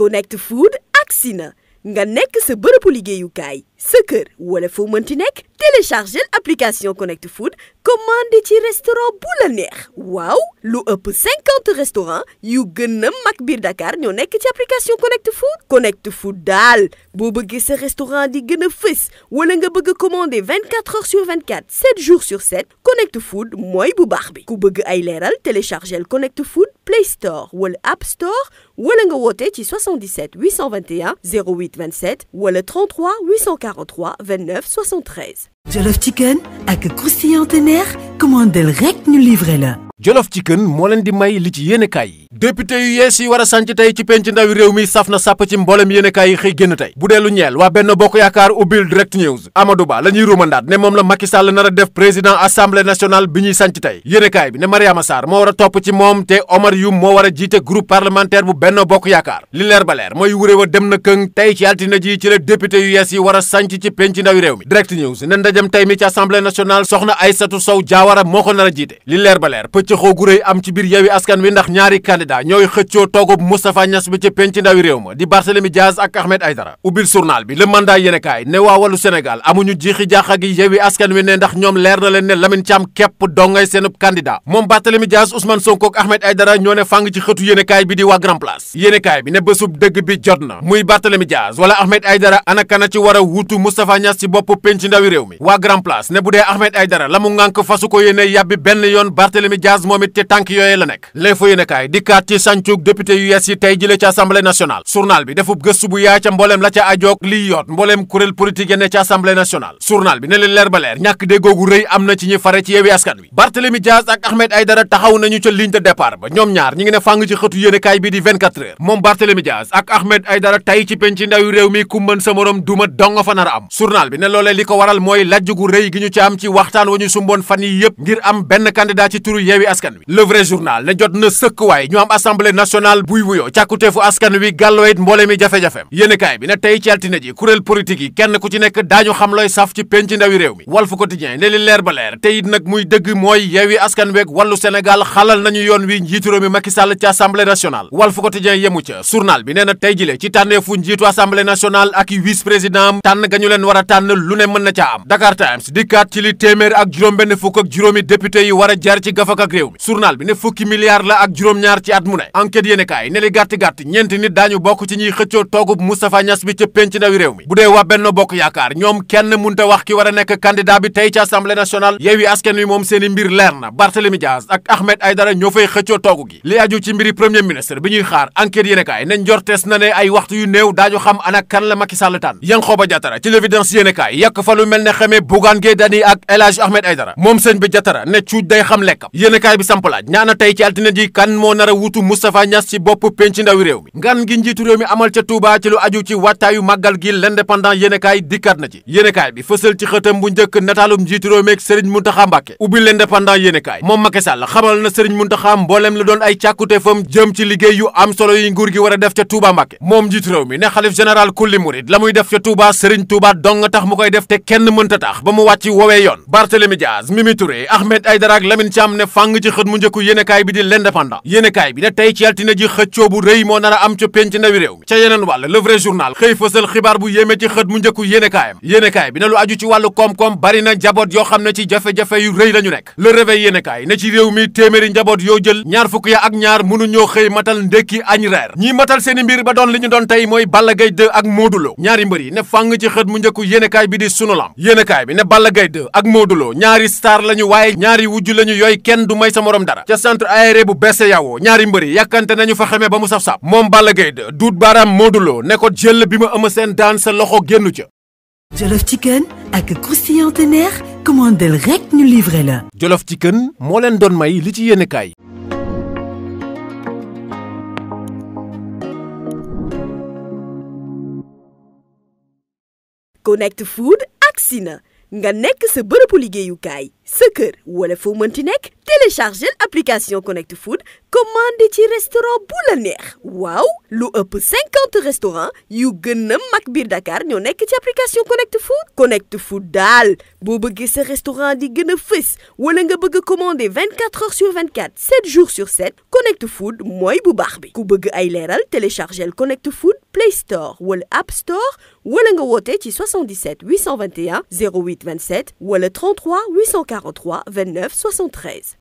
Connect Food agsi na nga nekk sa bërëbu liggéeyukaay sa kër wala foo mënti nekk téléchargel application Connect Food commandé ci restaurant bu la waaw lu ëpp cinquante restaurant yu gën a mag biir Dakar ñoo nekk ci application Connect Food Connect Food daal boo bëggee sa restaurant di gën a fës wala nga bëgg a commandé vingt quatre heures sur vingt quatre sept jours sur sept Connect Food mooy bu baax bi ku bëgg ay leeral téléchargel Connect Food Play Store wala App Store wala nga woote ci 77 821 08 27 wala 33 840 43 29 73. Jollof Chicken ak croustillant teneer commandel rek ñu livre la. Jolof ci Chicken moo leen di may li ci yéenekaay yi député yu yees yi war a sànc tey ci penc ndawi réew mi saf na sàpp ci mboolem yéenekaay yi xëy génn tey bu dee lu ñeel waa Benno Bokk Yaakaar ubbil Direct News Amadou Ba la ñuy ruumandaat ne moom la Macky Sall nar a def président assemblée nationale bi ñuy sànc tey yéenekaay bi ne Mariama Sarr moo war a topp ci moom te Omar Youm moo war a jiite groupe parlementaire bu Benno Bokk Yaakaar li leer ba leer na këng tey ci altine ji ci la député a sànc ci penc ndawi réew mi Direct News ne ndajam tey mi ci assemblée nationale soxna Aïssatou Sow Diawara moo ko nar a jiite li leer ba leer xëccoo gu rëy am ci biir Yewwi Askan Wi ndax ñaari candidat ñooy xëccoo toogub Moustapha Niass bi ci penc ndawi réew ma di Barthélémy Dias ak Ahmed Aïdara ubbil journal bi le mandat yéenekaay ne waa wàllu Sénégal amuñu jiixi jaaxa gi Yewwi Askan Wi ne ndax ñoom leer na leen ne Lamine Thiam képp dongay seenub candidat moom Barthélémy Dias Ousmane Sonko Ahmed Aïdara ñoo ne fàng ci xëtu yéenekaay bi di waa Grand Place yéenekaay bi ne bésub dëgg bi jot na muy Barthélémy Dias wala Ahmed Aïdara ana kana a wuutu Moustapha Niass ci bopp penc ndawi mi waa Grand Place ne bu dee Ahmed Aïdara mu Diaz moom it ci tànk la nekk l'info yéen kaay dikkaat ci sàncug député yu yees yi tey jële ci assemblée nationale journal bi defub gëstu bu yaay ca mbooleem la ca ajoog liy yoot mbooleem kuréel politique yene ci assemblée nationale journal bi ne leen leer ba leer ñàkk déggoogu rëy am na ci ñi fare ci yeewi askan wi Barthélemy Diaz ak Ahmed Aïdara taxaw nañu ca ligne de départ ba ñoom ñaar ñi ngi ne fàng ci xëtu yéen bi di moom Barthélemy Diaz ak Ahmed askan wi le vrai journal ne jot na sëkk waaye ñu am assemblée nationale buy wuyoo càkkuteefu askan wi gàlloo it mboole jafe-jafeem bi ne tey ci ji kuréel politique yi kenn ku ci nekk daañu xam saf ci penc ndawi réew mi Walf Quotidien ne li leer ba leer te nag muy dëgg mooy Yewwi Askan Wi Wallu Sénégal xalal nañu yoon wi njiitu réew mi Macky Sall ci assemblée nationale yemu ca journal bi nee tey jile ci tànneefu njiitu assemblée a a réew mi bi ne fukki milliards la ak juróom-ñaar ci at mu ne enquête yéene ne li gàtti-gàtti ñeenti nit daañu bokk ci ñuy xëccoo toogub Moustapha Niass bi ca penc ndawi réew mi bu dee waa Benno Bokk Yaakaar ñoom kenn munta wax ki war a nekk candidat bi tey ci assemblée nationale Yewwi Askan Wi moom seeni mbir leer na Barthélémy Dias ak Ahmed Aïdara ñoo fay xëccoo toogu gi li aju ci mbiri premier ministre bi ñuy xaar enquête yéene ne njortees na ne yéenekaay bi samp laaj ñaana tey ci altine ji kan moo nar a wutu Moustapha Niass ci bopp penc ndawi réew mi ngan gi njiitu réew mi amal ca Touba ci lu aju ci ak Serigne Mountakha Mbacké ubbi l'indépendant yéenekaay moom Macky Sall xamal na Serigne Mountakha mbooleem la doon ay càkkuteefam jëm ci liggéey yu am solo yi nguur gi war a def ca Touba Mbacké moom njiitu réew mi ne xalif général kulli murid la muy def ca Touba Serigne Touba dong tax mu koy def te kenn mënta tax ba mu wàcc woowee yoon Barthélémy Diaz Mimi Touré Ahmed Aïdara ak Lamine Thiam ne fang jàng ci xët mu njëkku yéenekaay bi di l'indépendant yéenekaay bi ne tey a am ca penc ndawi bi ne lu aju ci wàllu koom la ñu nekk le réveil yéenekaay ne mbir ba doon li ñu doon tey mooy Balla Gaye 2 ak Modou ñaari mbër yi ne fàng ci xët mu njëkku yéenekaay bi di sunu lam bi ne Balla Gaye 2 ak Modou ñaari star lañu waaye ñaari wujju lañu yooy kenn du may sa moroom dara ca centre aéré bu BCEAO ñaari mbëri yàkkante nañu fa xamee ba mu saf-saf moom Balla Gaye de duut baaraam Modou Lo ne ko jël bi ma Eumeu Sène daan sa loxo génnu ca Jollof Chicken ak croustillant teneer commandel rek ñu livré la Jollof Chicken moo leen doon may li ci yéene kaay Connect Food nga nekk sa bërëbu liggéeyukaay sa kër wala foo mënti nekk téléchargel application Connect Food commandé ci restaurant bu waaw lu ëpp cinquante restaurant yu gën a mag biir Dakar ñoo nekk ci application Connect Food Connect Food daal boo bëggee sa restaurant di gën a fës wala nga bëgg a commandé vingt quatre heures sur vingt quatre sept jours sur sept Connect Food mooy bu baax bi ku bëgg ay leeral téléchargel Connect Food Play Store wala App Store wala nga woote ci 77 821 08 27 wala 33 843 29 73.